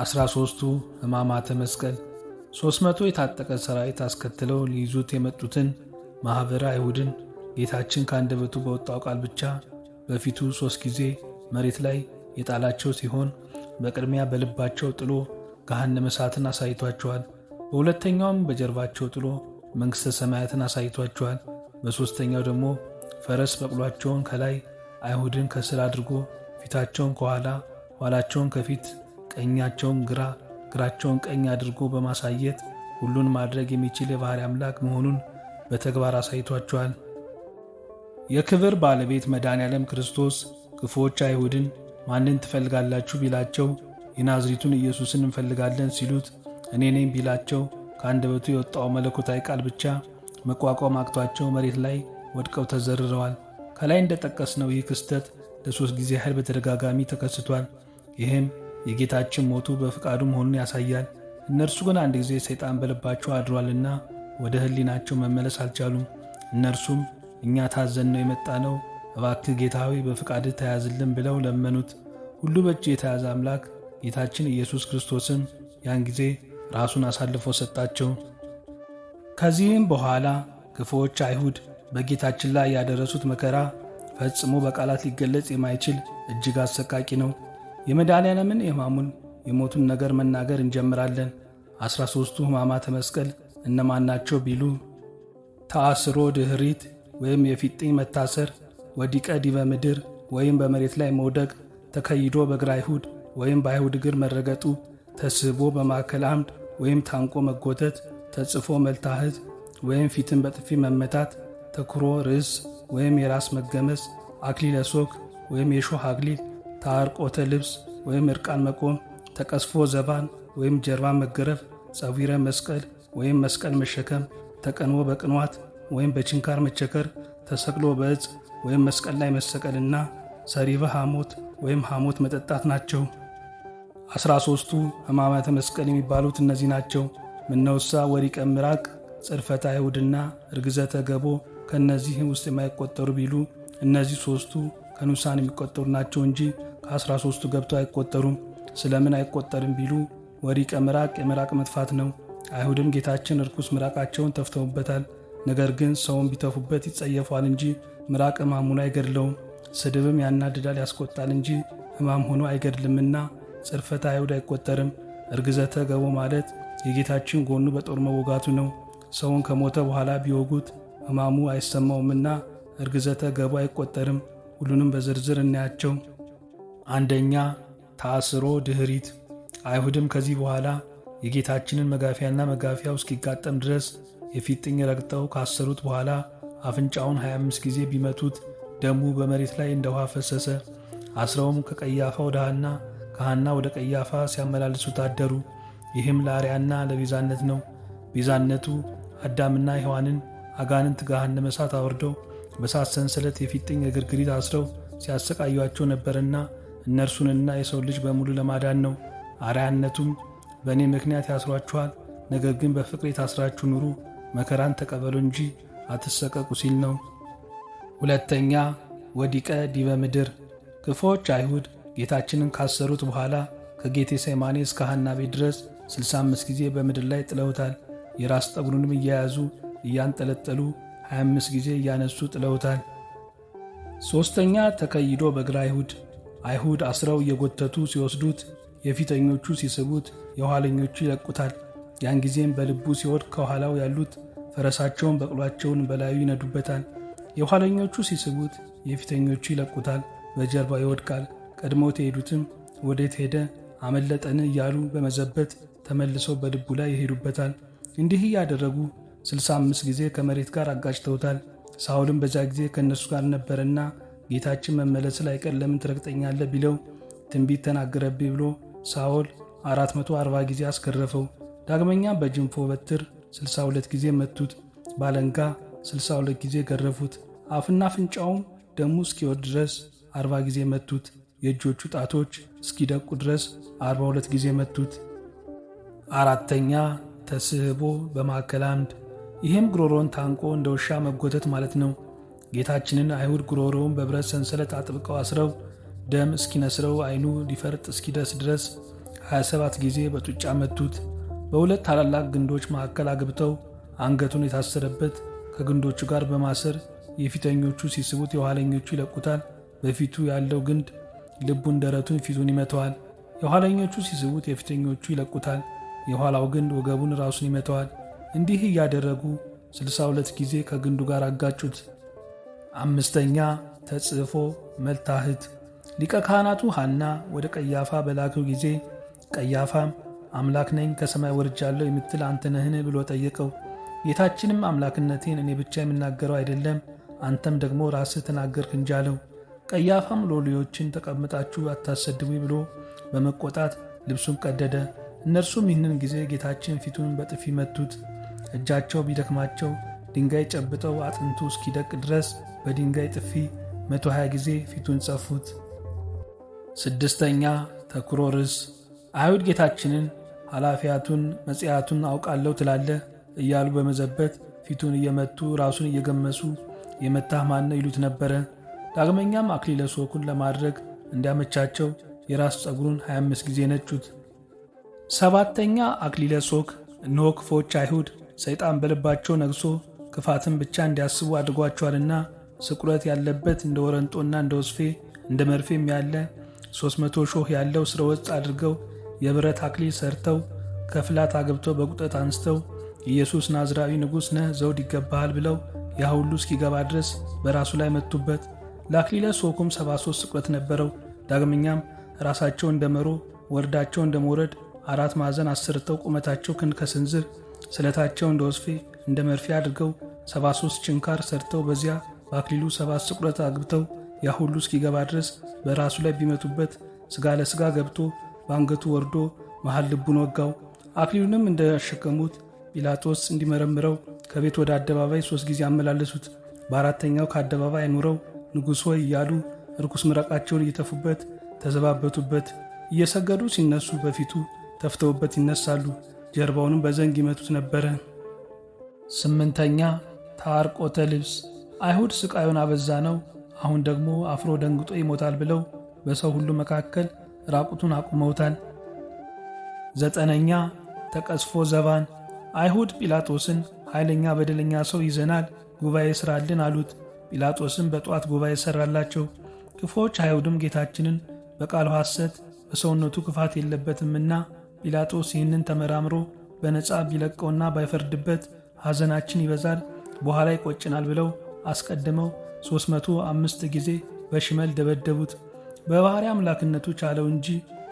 አስራ ሦስቱ ሕማማተ መስቀል ሦስት መቶ የታጠቀ ሠራዊት አስከትለው ሊይዙት የመጡትን ማኅበረ አይሁድን ጌታችን ከአንደበቱ በወጣው ቃል ብቻ በፊቱ ሦስት ጊዜ መሬት ላይ የጣላቸው ሲሆን በቅድሚያ በልባቸው ጥሎ ገሃነመ እሳትን አሳይቷቸዋል። በሁለተኛውም በጀርባቸው ጥሎ መንግሥተ ሰማያትን አሳይቷቸዋል። በሦስተኛው ደግሞ ፈረስ በቅሏቸውን ከላይ አይሁድን ከስር አድርጎ ፊታቸውን ከኋላ ኋላቸውን ከፊት ቀኛቸውን ግራ ግራቸውን ቀኝ አድርጎ በማሳየት ሁሉን ማድረግ የሚችል የባሕሪ አምላክ መሆኑን በተግባር አሳይቷቸዋል። የክብር ባለቤት መድኃኔ ዓለም ክርስቶስ ክፉዎች አይሁድን ማንን ትፈልጋላችሁ ቢላቸው የናዝሪቱን ኢየሱስን እንፈልጋለን ሲሉት እኔ ነኝ ቢላቸው ከአንደበቱ የወጣው መለኮታዊ ቃል ብቻ መቋቋም አቅቷቸው መሬት ላይ ወድቀው ተዘርረዋል። ከላይ እንደጠቀስነው ይህ ክስተት ለሦስት ጊዜ ያህል በተደጋጋሚ ተከስቷል። ይህም የጌታችን ሞቱ በፍቃዱ መሆኑን ያሳያል። እነርሱ ግን አንድ ጊዜ ሰይጣን በልባቸው አድሯልና ወደ ሕሊናቸው መመለስ አልቻሉም። እነርሱም እኛ ታዘን ነው የመጣ ነው፣ እባክህ ጌታዊ በፍቃድ ተያዝልን ብለው ለመኑት። ሁሉ በእጅ የተያዘ አምላክ ጌታችን ኢየሱስ ክርስቶስም ያን ጊዜ ራሱን አሳልፎ ሰጣቸው። ከዚህም በኋላ ክፉዎች አይሁድ በጌታችን ላይ ያደረሱት መከራ ፈጽሞ በቃላት ሊገለጽ የማይችል እጅግ አሰቃቂ ነው። የመድኃኔዓለምን የሕማሙን የሞቱን ነገር መናገር እንጀምራለን። ዐሥራ ሦስቱ ሕማማተ መስቀል እነማን ናቸው ቢሉ ተአስሮ ድኅሪት ወይም የፊጥኝ መታሰር፣ ወዲቀ ዲበ ምድር ወይም በመሬት ላይ መውደቅ፣ ተከይዶ በግራ አይሁድ ወይም በአይሁድ እግር መረገጡ፣ ተስቦ በማዕከል አምድ ወይም ታንቆ መጎተት፣ ተጽፎ መልታህት ወይም ፊትን በጥፊ መመታት፣ ተኩሮ ርዕስ ወይም የራስ መገመስ፣ አክሊለ ሶክ ወይም የሾህ አክሊል ታርቆተ ልብስ ወይም እርቃን መቆም፣ ተቀስፎ ዘባን ወይም ጀርባን መገረፍ፣ ጸዊረ መስቀል ወይም መስቀል መሸከም፣ ተቀንቦ በቅንዋት ወይም በችንካር መቸከር፣ ተሰቅሎ በእጽ ወይም መስቀል ላይ መሰቀልና ሰሪበ ሐሞት ወይም ሐሞት መጠጣት ናቸው። አስራ ሦስቱ ሕማማተ መስቀል የሚባሉት እነዚህ ናቸው። ምነውሳ ወሪቀ ምራቅ፣ ጽርፈተ አይሁድና እርግዘተ ገቦ ከእነዚህ ውስጥ የማይቆጠሩ ቢሉ እነዚህ ሦስቱ ከኑሳን የሚቆጠሩ ናቸው እንጂ አስራ ሶስቱ ገብቶ አይቆጠሩም ስለምን አይቆጠርም ቢሉ ወሪቀ ምራቅ የምራቅ መጥፋት ነው። አይሁድም ጌታችን እርኩስ ምራቃቸውን ተፍተውበታል። ነገር ግን ሰውን ቢተፉበት ይጸየፏል እንጂ ምራቅ ሕማሙን አይገድለውም። ስድብም ያናድዳል ያስቆጣል እንጂ ሕማም ሆኖ አይገድልምና ጽርፈተ አይሁድ አይቆጠርም። እርግዘተ ገቦ ማለት የጌታችን ጎኑ በጦር መወጋቱ ነው። ሰውን ከሞተ በኋላ ቢወጉት ሕማሙ አይሰማውምና እርግዘተ ገቦ አይቆጠርም። ሁሉንም በዝርዝር እናያቸው። አንደኛ ታስሮ ድህሪት አይሁድም ከዚህ በኋላ የጌታችንን መጋፊያና መጋፊያው እስኪጋጠም ድረስ የፊጥኝ ረግጠው ካሰሩት በኋላ አፍንጫውን 25 ጊዜ ቢመቱት ደሙ በመሬት ላይ እንደ ውሃ ፈሰሰ። አስረውም ከቀያፋ ወደ ሐና ከሐና ወደ ቀያፋ ሲያመላልሱት አደሩ። ይህም ለአርያና ለቤዛነት ነው። ቤዛነቱ አዳምና ሔዋንን አጋንንት ገሃነመ እሳት አውርደው በሳት ሰንሰለት የፊጥኝ እግርግሪት አስረው ሲያሰቃዩቸው ነበርና እነርሱንና የሰው ልጅ በሙሉ ለማዳን ነው። አርያነቱም በእኔ ምክንያት ያስሯችኋል፣ ነገር ግን በፍቅር የታስራችሁ ኑሩ፣ መከራን ተቀበሉ እንጂ አትሰቀቁ ሲል ነው። ሁለተኛ ወዲቀ ዲበ ምድር። ክፎች አይሁድ ጌታችንን ካሰሩት በኋላ ከጌቴ ሰማኔ እስከ ሐና ቤት ድረስ 65 ጊዜ በምድር ላይ ጥለውታል። የራስ ጠጉሩንም እየያዙ እያንጠለጠሉ 25 ጊዜ እያነሱ ጥለውታል። ሦስተኛ ተከይዶ በግራ አይሁድ አይሁድ አስረው እየጎተቱ ሲወስዱት የፊተኞቹ ሲስቡት የኋለኞቹ ይለቁታል። ያን ጊዜም በልቡ ሲወድቅ ከኋላው ያሉት ፈረሳቸውን በቅሏቸውን በላዩ ይነዱበታል። የኋለኞቹ ሲስቡት የፊተኞቹ ይለቁታል፣ በጀርባ ይወድቃል። ቀድሞት የሄዱትም ወዴት ሄደ አመለጠን እያሉ በመዘበት ተመልሰው በልቡ ላይ ይሄዱበታል። እንዲህ እያደረጉ 65 ጊዜ ከመሬት ጋር አጋጭተውታል። ሳውልም በዛ ጊዜ ከእነሱ ጋር ነበረና ጌታችን መመለስ ላይ ቀን ለምን ትረግጠኛለህ ቢለው ትንቢት ተናገረብኝ ብሎ ሳኦል 440 ጊዜ አስገረፈው። ዳግመኛ በጅንፎ በትር 62 ጊዜ መቱት። ባለንጋ 62 ጊዜ ገረፉት። አፍና አፍንጫውም ደሙ እስኪወድ ድረስ 40 ጊዜ መቱት። የእጆቹ ጣቶች እስኪደቁ ድረስ 42 ጊዜ መቱት። አራተኛ ተስህቦ በማዕከል አምድ። ይህም ጉሮሮን ታንቆ እንደ ውሻ መጎተት ማለት ነው። ጌታችንን አይሁድ ጉሮሮውን በብረት ሰንሰለት አጥብቀው አስረው ደም እስኪነስረው አይኑ ሊፈርጥ እስኪደርስ ድረስ 27 ጊዜ በጡጫ መቱት። በሁለት ታላላቅ ግንዶች መካከል አግብተው አንገቱን የታሰረበት ከግንዶቹ ጋር በማሰር የፊተኞቹ ሲስቡት የኋለኞቹ ይለቁታል። በፊቱ ያለው ግንድ ልቡን፣ ደረቱን፣ ፊቱን ይመተዋል። የኋለኞቹ ሲስቡት የፊተኞቹ ይለቁታል። የኋላው ግንድ ወገቡን፣ ራሱን ይመተዋል። እንዲህ እያደረጉ 62 ጊዜ ከግንዱ ጋር አጋጩት። አምስተኛ ተጽፎ መልታህት ሊቀ ካህናቱ ሐና ወደ ቀያፋ በላከው ጊዜ ቀያፋም አምላክ ነኝ ከሰማይ ወርጃለሁ የምትል አንተ ነህን ብሎ ጠየቀው። ጌታችንም አምላክነቴን እኔ ብቻ የምናገረው አይደለም አንተም ደግሞ ራስህ ተናገርክ እንጂ አለው። ቀያፋም ሎሌዎችን ተቀምጣችሁ አታሰድቡ ብሎ በመቆጣት ልብሱን ቀደደ። እነርሱም ይህንን ጊዜ ጌታችን ፊቱን በጥፊ መቱት። እጃቸው ቢደክማቸው ድንጋይ ጨብጠው አጥንቱ እስኪደቅ ድረስ በድንጋይ ጥፊ 120 ጊዜ ፊቱን ጸፉት። ስድስተኛ ተኩሮ ርዕስ አይሁድ ጌታችንን ኃላፊያቱን መጽያቱን አውቃለሁ ትላለህ እያሉ በመዘበት ፊቱን እየመቱ ራሱን እየገመሱ የመታህ ማነ ይሉት ነበረ። ዳግመኛም አክሊለ ሦኩን ለማድረግ እንዲያመቻቸው የራስ ጸጉሩን 25 ጊዜ ነጩት። ሰባተኛ አክሊለ ሦክ እነሆ ክፎች አይሁድ ሰይጣን በልባቸው ነግሶ ክፋትን ብቻ እንዲያስቡ አድርጓቸዋልና ስቁረት ያለበት እንደ ወረንጦና እንደ ወስፌ እንደ መርፌም ያለ 300 ሾህ ያለው ስረ ወጥ አድርገው የብረት አክሊል ሰርተው ከፍላት አገብተው በቁጠት አንስተው ኢየሱስ ናዝራዊ ንጉሥ ነህ ዘውድ ይገባሃል ብለው ያ ሁሉ እስኪገባ ድረስ በራሱ ላይ መቱበት። ለአክሊለ ሦኩም 73 ስቁረት ነበረው። ዳግመኛም ራሳቸው እንደ መሮ ወርዳቸው እንደ ሞረድ አራት ማዕዘን አሰርተው ቁመታቸው ክንድ ከስንዝር ስለታቸው እንደ ወስፌ እንደ መርፌ አድርገው 73 ችንካር ሰርተው በዚያ በአክሊሉ ሰባት ስቁረት አግብተው ያ ሁሉ እስኪገባ ድረስ በራሱ ላይ ቢመቱበት ስጋ ለስጋ ገብቶ በአንገቱ ወርዶ መሃል ልቡን ወጋው። አክሊሉንም እንዳሸከሙት ጲላጦስ እንዲመረምረው ከቤት ወደ አደባባይ ሦስት ጊዜ አመላለሱት። በአራተኛው ከአደባባይ አኑረው ንጉሥ ሆይ እያሉ ርኩስ ምረቃቸውን እየተፉበት ተዘባበቱበት። እየሰገዱ ሲነሱ በፊቱ ተፍተውበት ይነሳሉ። ጀርባውንም በዘንግ ይመቱት ነበረ። ስምንተኛ ታርቆተ ልብስ አይሁድ ሥቃዩን አበዛ ነው፣ አሁን ደግሞ አፍሮ ደንግጦ ይሞታል ብለው በሰው ሁሉ መካከል ራቁቱን አቁመውታል። ዘጠነኛ ተቀስፎ ዘባን አይሁድ ጲላጦስን ኃይለኛ በደለኛ ሰው ይዘናል፣ ጉባኤ ሥራልን አሉት። ጲላጦስም በጠዋት ጉባኤ ሠራላቸው። ክፎች አይሁድም ጌታችንን በቃሉ ሐሰት በሰውነቱ ክፋት የለበትምና ጲላጦስ ይህንን ተመራምሮ በነፃ ቢለቀውና ባይፈርድበት ሐዘናችን ይበዛል፣ በኋላ ይቆጭናል ብለው አስቀድመው 305 ጊዜ በሽመል ደበደቡት። በባሕሪ አምላክነቱ ቻለው እንጂ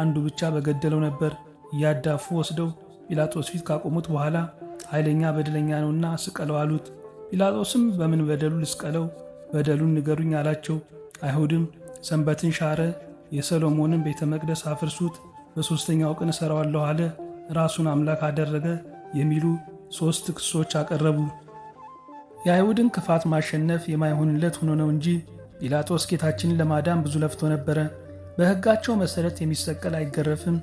አንዱ ብቻ በገደለው ነበር። እያዳፉ ወስደው ጲላጦስ ፊት ካቆሙት በኋላ ኃይለኛ በደለኛ ነውና ስቀለው አሉት። ጲላጦስም በምን በደሉ ልስቀለው? በደሉን ንገሩኝ አላቸው። አይሁድም ሰንበትን ሻረ፣ የሰሎሞንን ቤተ መቅደስ አፍርሱት፣ በሦስተኛው ቀን እሠራዋለሁ አለ፣ ራሱን አምላክ አደረገ የሚሉ ሦስት ክሶች አቀረቡ። የአይሁድን ክፋት ማሸነፍ የማይሆንለት ሆኖ ነው እንጂ ጲላጦስ ጌታችንን ለማዳን ብዙ ለፍቶ ነበረ። በሕጋቸው መሠረት የሚሰቀል አይገረፍም፣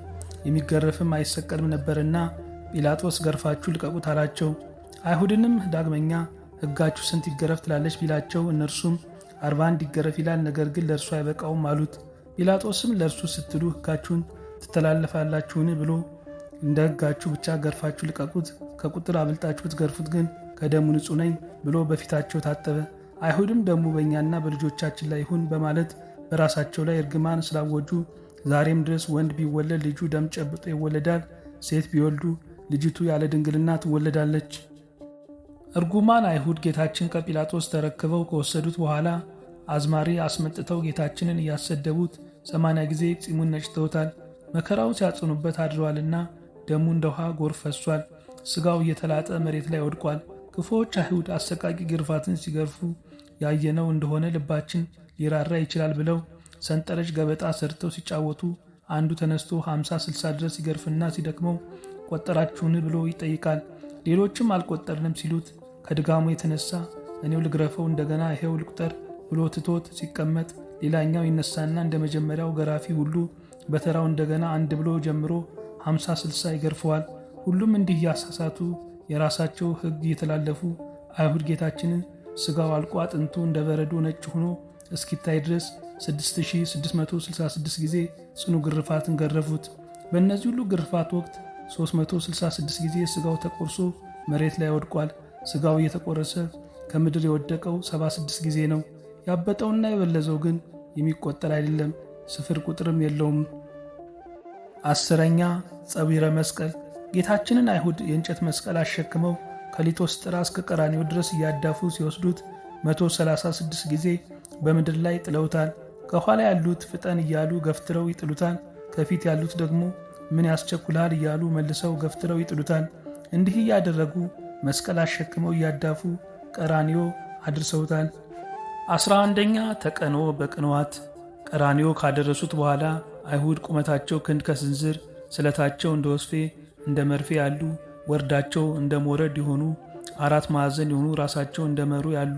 የሚገረፍም አይሰቀልም ነበርና ጲላጦስ ገርፋችሁ ልቀቁት አላቸው። አይሁድንም ዳግመኛ ሕጋችሁ ስንት ይገረፍ ትላለች ቢላቸው እነርሱም አርባ አንድ ይገረፍ ይላል፣ ነገር ግን ለእርሱ አይበቃውም አሉት። ጲላጦስም ለእርሱ ስትሉ ሕጋችሁን ትተላለፋላችሁን ብሎ እንደ ሕጋችሁ ብቻ ገርፋችሁ ልቀቁት፣ ከቁጥር አብልጣችሁት ገርፉት ግን ከደሙ ንጹሕ ነኝ ብሎ በፊታቸው ታጠበ። አይሁድም ደሙ በእኛና በልጆቻችን ላይ ይሁን በማለት በራሳቸው ላይ እርግማን ስላወጁ ዛሬም ድረስ ወንድ ቢወለድ ልጁ ደም ጨብጦ ይወለዳል፣ ሴት ቢወልዱ ልጅቱ ያለ ድንግልና ትወለዳለች። እርጉማን አይሁድ ጌታችን ከጲላጦስ ተረክበው ከወሰዱት በኋላ አዝማሪ አስመጥተው ጌታችንን እያሰደቡት ሰማንያ ጊዜ ጺሙን ነጭተውታል። መከራው ሲያጽኑበት አድረዋልና ደሙ እንደ ውሃ ጎርፍ ፈሷል። ሥጋው እየተላጠ መሬት ላይ ወድቋል። ክፉዎች አይሁድ አሰቃቂ ግርፋትን ሲገርፉ ያየነው እንደሆነ ልባችን ሊራራ ይችላል ብለው ሰንጠረዥ ገበጣ ሰርተው ሲጫወቱ አንዱ ተነስቶ 50 60 ድረስ ሲገርፍና ሲደክመው ቆጠራችሁን ብሎ ይጠይቃል። ሌሎችም አልቆጠርንም ሲሉት ከድጋሙ የተነሳ እኔው ልግረፈው እንደገና ይሄው ልቁጠር ብሎ ትቶት ሲቀመጥ ሌላኛው ይነሳና እንደ መጀመሪያው ገራፊ ሁሉ በተራው እንደገና አንድ ብሎ ጀምሮ 50 60 ይገርፈዋል። ሁሉም እንዲህ ያሳሳቱ የራሳቸው ሕግ የተላለፉ አይሁድ ጌታችን ሥጋው አልቆ አጥንቱ እንደ በረዶ ነጭ ሆኖ እስኪታይ ድረስ 6666 ጊዜ ጽኑ ግርፋትን ገረፉት። በእነዚህ ሁሉ ግርፋት ወቅት 366 ጊዜ ሥጋው ተቆርሶ መሬት ላይ ወድቋል። ሥጋው እየተቆረሰ ከምድር የወደቀው 76 ጊዜ ነው። ያበጠውና የበለዘው ግን የሚቆጠር አይደለም፣ ስፍር ቁጥርም የለውም። አስረኛ ጸዊረ መስቀል ጌታችንን አይሁድ የእንጨት መስቀል አሸክመው ከሊቶስጥራ እስከ ቀራኔው ድረስ እያዳፉ ሲወስዱት 136 ጊዜ በምድር ላይ ጥለውታል። ከኋላ ያሉት ፍጠን እያሉ ገፍትረው ይጥሉታል። ከፊት ያሉት ደግሞ ምን ያስቸኩልሃል እያሉ መልሰው ገፍትረው ይጥሉታል። እንዲህ እያደረጉ መስቀል አሸክመው እያዳፉ ቀራኒዮ አድርሰውታል። አስራ አንደኛ ተቀኖ በቅንዋት ቀራኒዮ ካደረሱት በኋላ አይሁድ ቁመታቸው ክንድ ከስንዝር ስለታቸው እንደ ወስፌ እንደ መርፌ ያሉ ወርዳቸው እንደ ሞረድ የሆኑ አራት ማዕዘን የሆኑ ራሳቸው እንደ መሩ ያሉ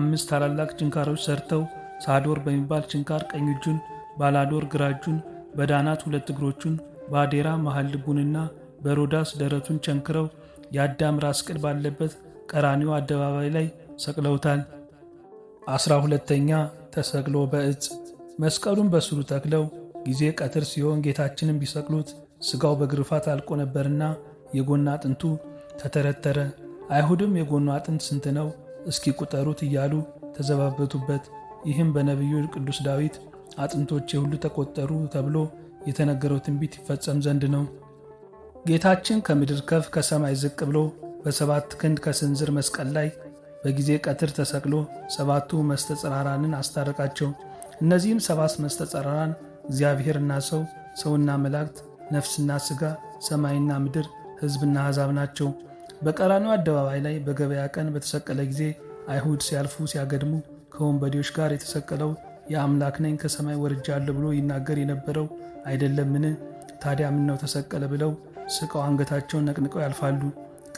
አምስት ታላላቅ ጭንካሮች ሰርተው ሳዶር በሚባል ጭንካር ቀኝ እጁን፣ ባላዶር ግራ እጁን፣ በዳናት ሁለት እግሮቹን፣ በአዴራ መሃል ልቡንና በሮዳስ ደረቱን ቸንክረው የአዳም ራስ ቅል ባለበት ቀራኒው አደባባይ ላይ ሰቅለውታል። አስራ ሁለተኛ ተሰቅሎ በእጽ መስቀሉን በስሩ ተክለው ጊዜ ቀትር ሲሆን ጌታችንን ቢሰቅሉት ሥጋው በግርፋት አልቆ ነበርና የጎን አጥንቱ ተተረተረ። አይሁድም የጎኑ አጥንት ስንት ነው እስኪ ቁጠሩት እያሉ ተዘባበቱበት። ይህም በነቢዩ ቅዱስ ዳዊት አጥንቶቼ ሁሉ ተቆጠሩ ተብሎ የተነገረው ትንቢት ይፈጸም ዘንድ ነው። ጌታችን ከምድር ከፍ ከሰማይ ዝቅ ብሎ በሰባት ክንድ ከስንዝር መስቀል ላይ በጊዜ ቀትር ተሰቅሎ ሰባቱ መስተጸራራንን አስታረቃቸው። እነዚህም ሰባት መስተጸራራን እግዚአብሔርና ሰው፣ ሰውና መላእክት ነፍስና ሥጋ፣ ሰማይና ምድር፣ ሕዝብና አሕዛብ ናቸው። በቀራንዮ አደባባይ ላይ በገበያ ቀን በተሰቀለ ጊዜ አይሁድ ሲያልፉ ሲያገድሙ ከወንበዴዎች ጋር የተሰቀለው የአምላክ ነኝ ከሰማይ ወርጃለሁ ብሎ ይናገር የነበረው አይደለምን? ታዲያ ምነው ተሰቀለ ብለው ስቀው አንገታቸውን ነቅንቀው ያልፋሉ።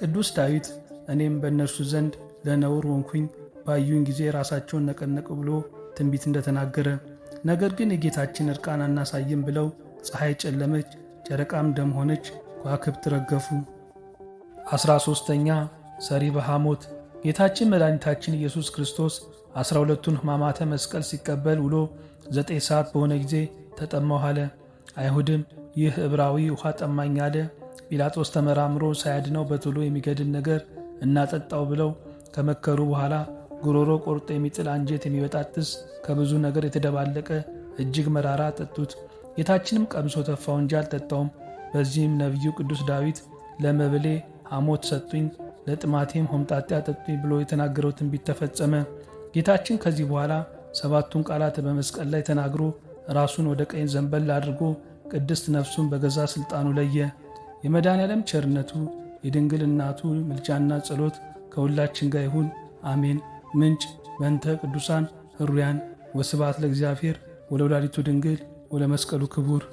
ቅዱስ ዳዊት እኔም በእነርሱ ዘንድ ለነውር ወንኩኝ፣ ባዩኝ ጊዜ ራሳቸውን ነቀነቁ ብሎ ትንቢት እንደተናገረ ነገር ግን የጌታችን እርቃን አናሳይም ብለው ፀሐይ ጨለመች፣ ጨረቃም ደም ሆነች፣ ከዋክብት ረገፉ። አስራ ሦስተኛ ሰሪበ ሐሞት ጌታችን መድኃኒታችን ኢየሱስ ክርስቶስ አስራ ሁለቱን ሕማማተ መስቀል ሲቀበል ውሎ ዘጠኝ ሰዓት በሆነ ጊዜ ተጠማሁ አለ። አይሁድም ይህ ዕብራዊ ውኃ ጠማኝ አለ። ጲላጦስ ተመራምሮ ሳያድነው በቶሎ የሚገድል ነገር እናጠጣው ብለው ከመከሩ በኋላ ጉሮሮ ቆርጦ የሚጥል አንጀት የሚበጣጥስ ከብዙ ነገር የተደባለቀ እጅግ መራራ ጠጡት። ጌታችንም ቀምሶ ተፋው እንጂ አልጠጣውም። በዚህም ነቢዩ ቅዱስ ዳዊት ለመብሌ ሐሞት ሰጡኝ፣ ለጥማቴም ሆምጣጤ አጠጡኝ ብሎ የተናገረው ትንቢት ተፈጸመ። ጌታችን ከዚህ በኋላ ሰባቱን ቃላት በመስቀል ላይ ተናግሮ ራሱን ወደ ቀኝ ዘንበል አድርጎ ቅድስት ነፍሱን በገዛ ሥልጣኑ ለየ። የመድኃኔዓለም ቸርነቱ የድንግል እናቱ ምልጃና ጸሎት ከሁላችን ጋር ይሁን አሜን። ምንጭ መንተ ቅዱሳን ህሩያን ወስብሐት ለእግዚአብሔር ወለወላዲቱ ድንግል ወለመስቀሉ ክቡር